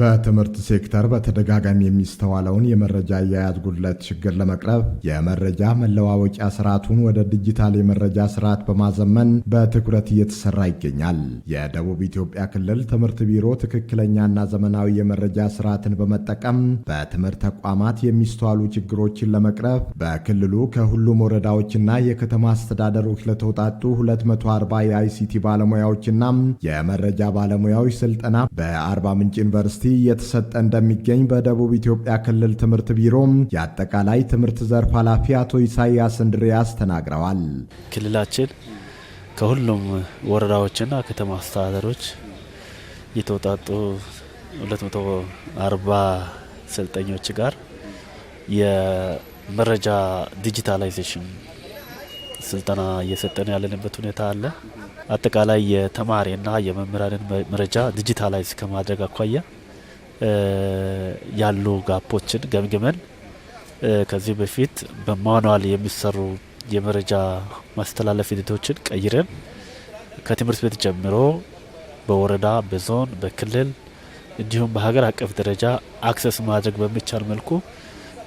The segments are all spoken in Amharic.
በትምህርት ሴክተር በተደጋጋሚ የሚስተዋለውን የመረጃ አያያዝ ጉድለት ችግር ለመቅረብ የመረጃ መለዋወቂያ ስርዓቱን ወደ ዲጂታል የመረጃ ስርዓት በማዘመን በትኩረት እየተሰራ ይገኛል። የደቡብ ኢትዮጵያ ክልል ትምህርት ቢሮ ትክክለኛና ዘመናዊ የመረጃ ስርዓትን በመጠቀም በትምህርት ተቋማት የሚስተዋሉ ችግሮችን ለመቅረብ በክልሉ ከሁሉም ወረዳዎችና የከተማ አስተዳደሮች ለተውጣጡ 240 የአይሲቲ ባለሙያዎችና የመረጃ ባለሙያዎች ስልጠና በአርባ ምንጭ ዩኒቨርሲቲ ዩኒቨርሲቲ እየተሰጠ እንደሚገኝ በደቡብ ኢትዮጵያ ክልል ትምህርት ቢሮ የአጠቃላይ ትምህርት ዘርፍ ኃላፊ አቶ ኢሳያስ እንድሪያስ ተናግረዋል። ክልላችን ከሁሉም ወረዳዎችና ከተማ አስተዳደሮች የተውጣጡ 240 ሰልጠኞች ጋር የመረጃ ዲጂታላይዜሽን ስልጠና እየሰጠን ያለንበት ሁኔታ አለ። አጠቃላይ የተማሪና የመምህራንን መረጃ ዲጂታላይዝ ከማድረግ አኳያ ያሉ ጋፖችን ገምግመን ከዚህ በፊት በማኗል የሚሰሩ የመረጃ ማስተላለፍ ሂደቶችን ቀይረን ከትምህርት ቤት ጀምሮ በወረዳ፣ በዞን፣ በክልል እንዲሁም በሀገር አቀፍ ደረጃ አክሰስ ማድረግ በሚቻል መልኩ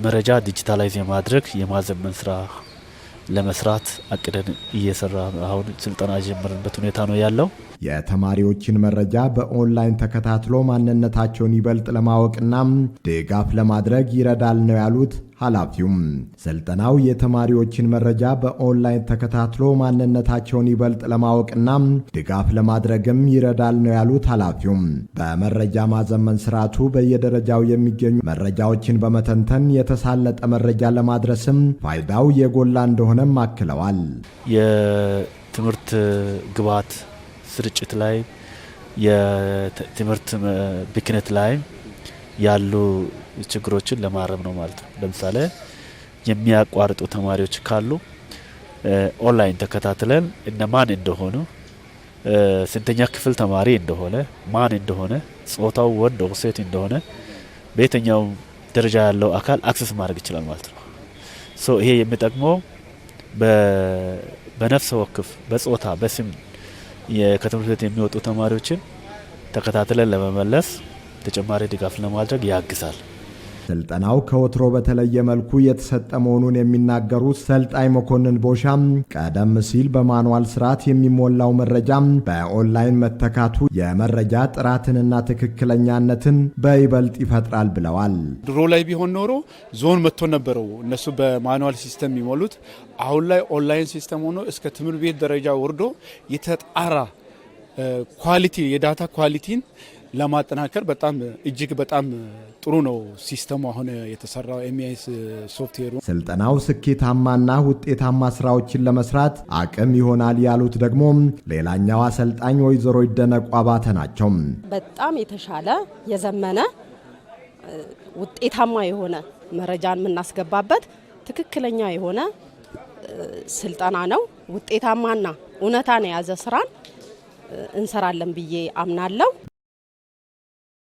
መረጃ ዲጂታላይዝ የማድረግ የማዘመን ስራ ለመስራት አቅደን እየሰራ አሁን ስልጠና የጀመርንበት ሁኔታ ነው ያለው። የተማሪዎችን መረጃ በኦንላይን ተከታትሎ ማንነታቸውን ይበልጥ ለማወቅና ድጋፍ ለማድረግ ይረዳል ነው ያሉት ኃላፊውም ስልጠናው የተማሪዎችን መረጃ በኦንላይን ተከታትሎ ማንነታቸውን ይበልጥ ለማወቅና ድጋፍ ለማድረግም ይረዳል ነው ያሉት ኃላፊውም። በመረጃ ማዘመን ስርዓቱ በየደረጃው የሚገኙ መረጃዎችን በመተንተን የተሳለጠ መረጃ ለማድረስም ፋይዳው የጎላ እንደሆነም አክለዋል። የትምህርት ግብዓት ስርጭት ላይ የትምህርት ብክነት ላይ ያሉ ችግሮችን ለማረም ነው ማለት ነው። ለምሳሌ የሚያቋርጡ ተማሪዎች ካሉ ኦንላይን ተከታትለን እነማን እንደሆኑ ስንተኛ ክፍል ተማሪ እንደሆነ ማን እንደሆነ ጾታው ወንድ ወይስ ሴት እንደሆነ በየትኛው ደረጃ ያለው አካል አክሰስ ማድረግ ይችላል ማለት ነው። ሶ ይሄ የሚጠቅመው በነፍሰ ወክፍ በጾታ በስም ከትምህርት ቤት የሚወጡ ተማሪዎችን ተከታትለን ለመመለስ ተጨማሪ ድጋፍ ለማድረግ ያግዛል። ስልጠናው ከወትሮ በተለየ መልኩ የተሰጠ መሆኑን የሚናገሩት ሰልጣኝ መኮንን ቦሻም ቀደም ሲል በማንዋል ስርዓት የሚሞላው መረጃ በኦንላይን መተካቱ የመረጃ ጥራትንና ትክክለኛነትን በይበልጥ ይፈጥራል ብለዋል። ድሮ ላይ ቢሆን ኖሮ ዞን መጥቶ ነበረው እነሱ በማንዋል ሲስተም የሚሞሉት አሁን ላይ ኦንላይን ሲስተም ሆኖ እስከ ትምህርት ቤት ደረጃ ወርዶ የተጣራ ኳሊቲ የዳታ ኳሊቲን ለማጠናከር በጣም እጅግ በጣም ጥሩ ነው ሲስተሙ አሁን የተሰራው ኤምአይስ ሶፍትዌሩ። ስልጠናው ስኬታማና ውጤታማ ስራዎችን ለመስራት አቅም ይሆናል ያሉት ደግሞ ሌላኛው አሰልጣኝ ወይዘሮ ይደነቁ አባተ ናቸው። በጣም የተሻለ የዘመነ ውጤታማ የሆነ መረጃን የምናስገባበት ትክክለኛ የሆነ ስልጠና ነው። ውጤታማና እውነታን የያዘ ስራን እንሰራለን ብዬ አምናለሁ።